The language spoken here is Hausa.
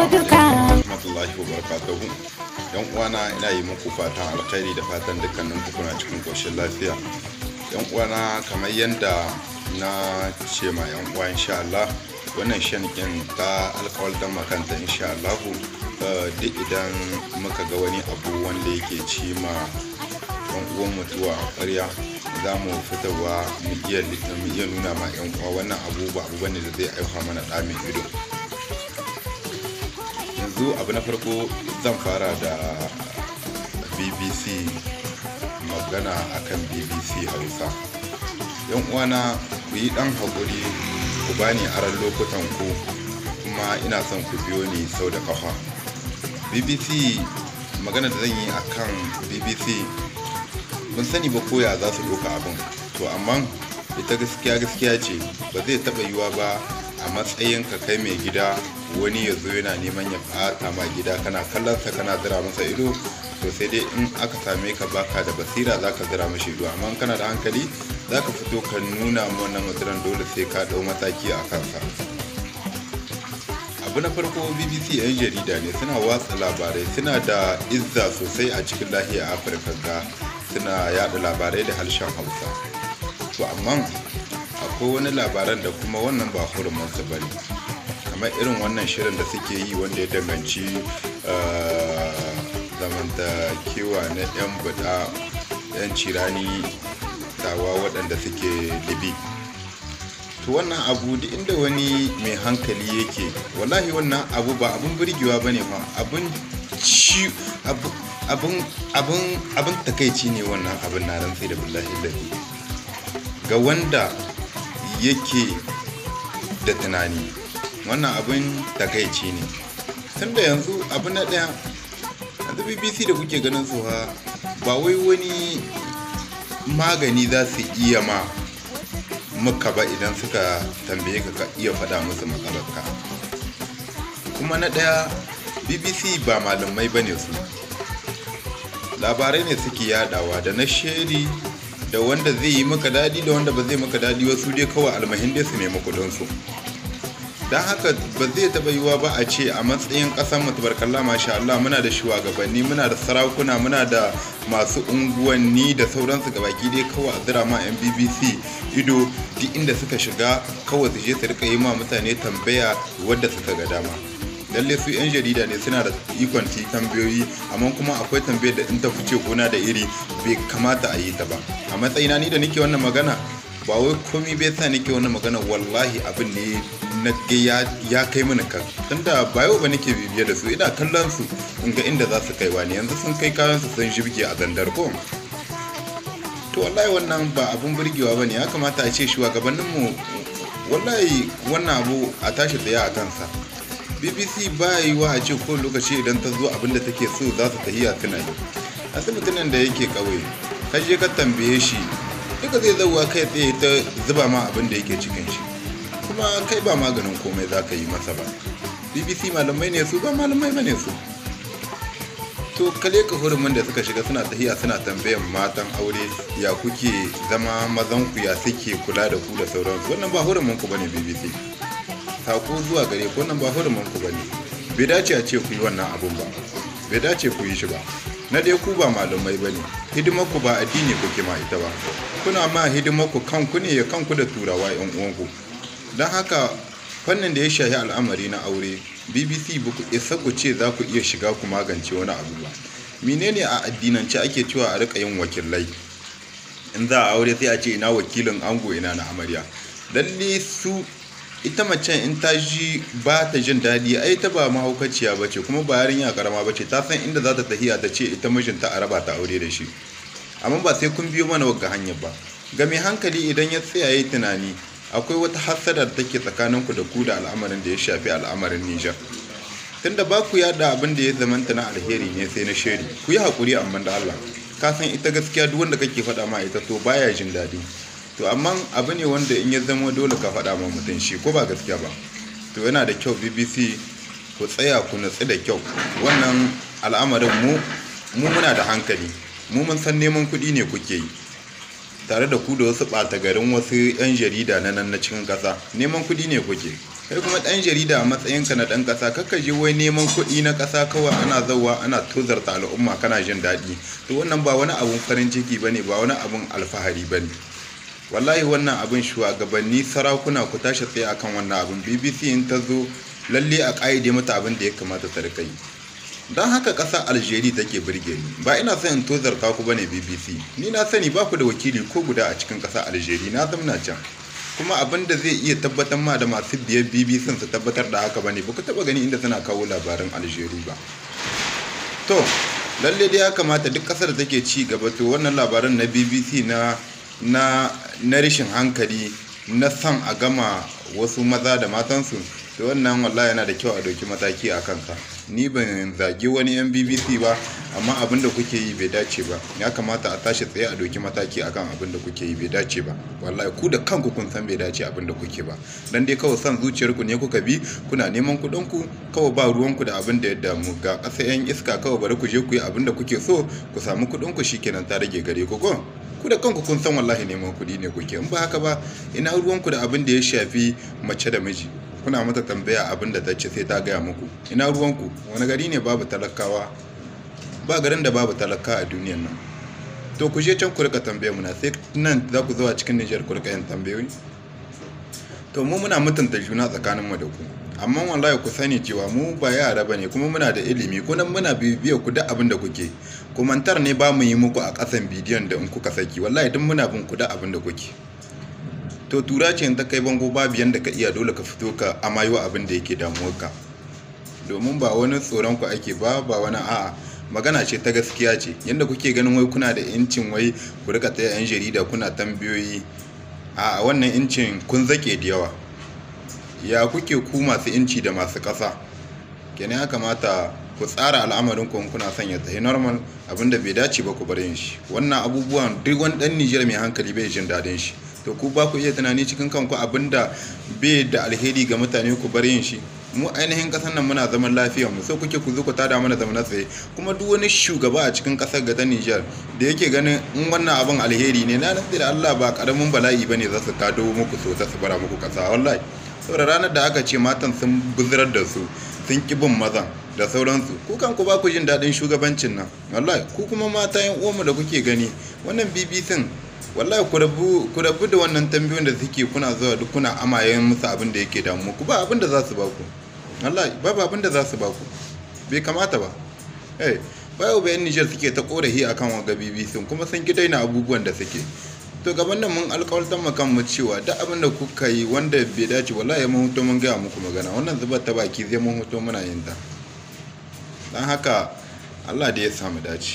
so yan uwana ina yi muku fatan alkhairi da fatan dukkanin ku kuna cikin koshin lafiya yan uwana kamar yadda na ce ma yan uwa insha Allah wannan shan ɗin ta alkawaltar makanta insha Allah eh, duk idan muka ga wani abu wanda yake ci ma yan uwan mutuwa a ƙwarya za mu fitarwa mu iya nuna ma yan uwa wannan abu ba abu bane da zai aiwa mana ɗa mai ido yanzu abu na farko zan fara da bbc magana akan bbc hausa yan uwana ku yi dan haƙuri ku bani aran lokutan ku kuma ina son ku biyo ni sau da kafa bbc magana da zan yi akan bbc ban sani ba koya za su ɗauka abin to amma ita gaskiya gaskiya ce ba zai taɓa yiwa ba a matsayin ka kai mai gida wani ya zo yana neman ya fata ma gida kana kallonsa kana zira masa ido to sai dai in aka same ka baka da basira za ka zira mashi ido amma kana da hankali za ka fito ka nuna ma wannan matsalan dole sai ka dau mataki a kansa abu na farko bbc 'yan jarida ne suna watsa labarai suna da izza sosai a cikin lahiyar afirka ga suna yada labarai da harshen hausa to amma akwai wani labaran da kuma wannan ba hurumansa ba ne kamar irin wannan shirin da suke yi wanda ya danganci eh, kewa na 'yan buda 'yan cirani tawa waɗanda suke libi to wannan abu duk inda wani mai hankali yake wallahi wannan abu ba abun burgewa ba ne ma abun ci abun takaici ne wannan abun na rantsai da billahi ga wanda yake da tunani wannan abin takaici ne tun da yanzu abu na ɗaya yanzu bbc da kuke ganin su ba wai wani magani za su iya ma muka ba idan suka tambaye ka ka iya faɗa musu matsalarka kuma na ɗaya bbc ba malamai ba ne su labarai ne suke yadawa da na sheri da wanda zai yi maka daɗi da wanda ba zai maka daɗi wasu dai kawai almahin dai su nemi makudansu don haka ba zai taba yiwa ba a ce a matsayin ƙasar mu tabarkalla masha Allah muna da shugabanni muna da sarakuna muna da masu unguwanni da sauransu gabaki dai kawai a zira ma yan bbc ido duk inda suka shiga kawai su je su rika yi ma mutane tambaya wadda suka ga dama lalle su 'yan jarida ne suna da ikon ci tambayoyi amma kuma akwai tambayar da in ta fice gona da iri bai kamata a yi ta ba a matsayina ni da nake wannan magana ba wai komi bai sa nake wannan magana wallahi abin ne na ya kai mana kan tunda ba yau ba nake bibiye da su ina kallon su in ga inda za su kai wani yanzu sun kai kayan su sun jibge a zandar ko to wallahi wannan ba abun burgewa bane ya kamata a ce shugabanninmu wallahi wannan abu a tashi tsaye a kansa bbc ba wa a ce ko lokaci idan ta zo abinda da take so za su tahiya tana yi asibitin nan da yake kauye ka je ka tambaye shi duka zai zauwa kai tsaye ta zuba ma abin da yake cikin shi kuma kai ba maganin komai za ka yi masa ba bbc malamai ne su ba malamai ba ne su to kale ka hurumin da suka shiga suna tahiya suna tambayan matan aure ya kuke zama mazan ku ya suke kula da ku da sauransu wannan ba hurumin ku bane bbc sako zuwa gare ku nan ba hurumin ku bane bai dace a ce ku yi wannan abun ba bai dace ku yi shi ba na dai ku ba malamai ba ne hidimar ba addini kuke ma ita ba kuna ma hidimar ku kanku ne ya kanku da turawa yan uwanku don haka fannin da ya shahi al'amari na aure bbc ba ku isa ku ce za ku iya shiga ku magance wani abu ba menene a addinance ake cewa a rika yin wakilai in za a aure sai a ce ina wakilin ango ina na amarya lalle su ita macen in ta ji ba ta jin daɗi ai ta ba mahaukaciya ba ce kuma ba yarinya karama ba ce ta san inda za ta tahiya ta ce ita mijinta a raba ta aure da shi amma ba sai kun biyo mana wagga hanyar ba ga hankali idan ya tsaya tunani akwai wata hassada da take ku da ku da al'amarin da ya shafi al'amarin nijar tunda ba ku yada abin da ya zamanta na alheri ne sai na sheri ku yi haƙuri amma da allah ka san ita gaskiya duk wanda kake faɗa ma ita to baya jin daɗi to amma abu ne wanda in ya zama dole ka faɗa ma mutum shi ko ba gaskiya ba to yana da kyau bbc ku tsaya ku natsu da kyau wannan al'amarin mu mu muna da hankali mu mun san neman kuɗi ne kuke yi tare da ku da wasu ɓata garin wasu 'yan jarida na nan na cikin ƙasa neman kuɗi ne kuke kai kuma ɗan jarida a matsayinka na ɗan ƙasa kakka je wai neman kuɗi na ƙasa kawai ana zauwa ana tozarta al'umma kana jin daɗi to wannan ba wani abun farin ciki ba ne ba wani abun alfahari ba ne wallahi wannan abin shugabanni sarakuna ku tashi tsaye akan wannan abin bbc in ta zo lalle a ƙa'ide mata abin da ya kamata ta rika yi don haka ƙasa algeria take birge ni ba ina son in tozarta ku bane bbc ni na sani ba ku da wakili ko guda a cikin ƙasa algeria na zamna can kuma abin da zai iya tabbatar ma da masu biyar bbc su tabbatar da haka bane ba ku taɓa gani inda suna kawo labaran algeria ba to lalle dai ya kamata duk ƙasar da take ci gaba to wannan labaran na bbc na na na rashin hankali na san a gama wasu maza da matansu to wannan wallahi yana da kyau a ɗauki mataki a kanka ni ban zagi wani yan bbc ba amma abin da kuke yi bai dace ba ya kamata a tashi tsaye a doki mataki akan abin da kuke yi bai dace ba wallahi ku da kanku kun san bai dace abin kuke ba dan dai kawai san zuciyarku ne kuka bi kuna neman kudin ku kawai ba ruwan ku da abin da ya damu ga ƙasa yan iska kawai bari ku je ku yi abin da kuke so ku samu kudin ku shikenan ta rage gare ku ko ku da kanku kun san wallahi neman kuɗi ne kuke in ba haka ba ina ruwanku da abin da ya shafi mace da miji kuna mata tambaya abin da ta ce sai ta gaya muku ina ruwanku wani gari ne babu talakawa ba garin da babu talaka a duniyan nan to ku je can ku rika tambaya muna sai nan za ku zuwa cikin Nijar ku rika yin tambayoyi to mu muna mutunta juna tsakanin mu da ku amma wallahi ku sani cewa mu ba yara bane kuma muna da ilimi kuma muna bibiya ku da abin da kuke komantar ne ba mu yi muku a ƙasan bidiyon da in kuka saki wallahi duk muna bin kuda abin da kuke to tura ce ta kai bango babu yanda ka iya dole ka fito ka amayo abin da yake ka. domin ba wani tsoron ku ake ba ba wani a'a magana ce ta gaskiya ce yanda kuke ganin wai kuna da incin wai ku rika ta yan jarida kuna tambayoyi a wannan incin kun zake da yawa ya kuke ku masu inci da masu ƙasa kenan ya kamata ku tsara al'amarin ku kuna son ya tafi normal abinda bai dace ba ku bar yin shi wannan abubuwan duk wani dan Nijar mai hankali bai jin dadin shi to ku ba ku iya tunani cikin kanku abinda bai da alheri ga mutane ku bar yin shi mu ainihin kasar nan muna zaman lafiya mu sai kuke ku zo ku tada mana zaman tsaye kuma duk wani shugaba a cikin kasar ga ta nijar da yake ganin in wannan abin alheri ne na nasi da Allah ba karamin bala'i bane za su tado muku so ta su bara muku kasa wallahi saboda ranar da aka ce matan sun buzurar da su sun ki bin mazan da sauransu ku kanku ba ku jin daɗin shugabancin nan wallahi ku kuma mata yan uwanmu da kuke gani wannan bbc wallahi ku rabu da wannan tambayoyin da suke kuna zuwa duk kuna amayen musu abin da yake damu ku ba abin da za su ba ku wallahi ba abin da za su ba ku bai kamata ba eh bayo bayan Niger suke ta korafi akan waga BBC kuma sun ki daina abubuwan da suke to gaban nan mun alƙawartar mu kanmu cewa duk abin da kuka yi wanda bai dace wallahi mun hoto mun gaya muku magana wannan zubar ta baki zai mun hoto muna yin ta don haka allah da ya samu dace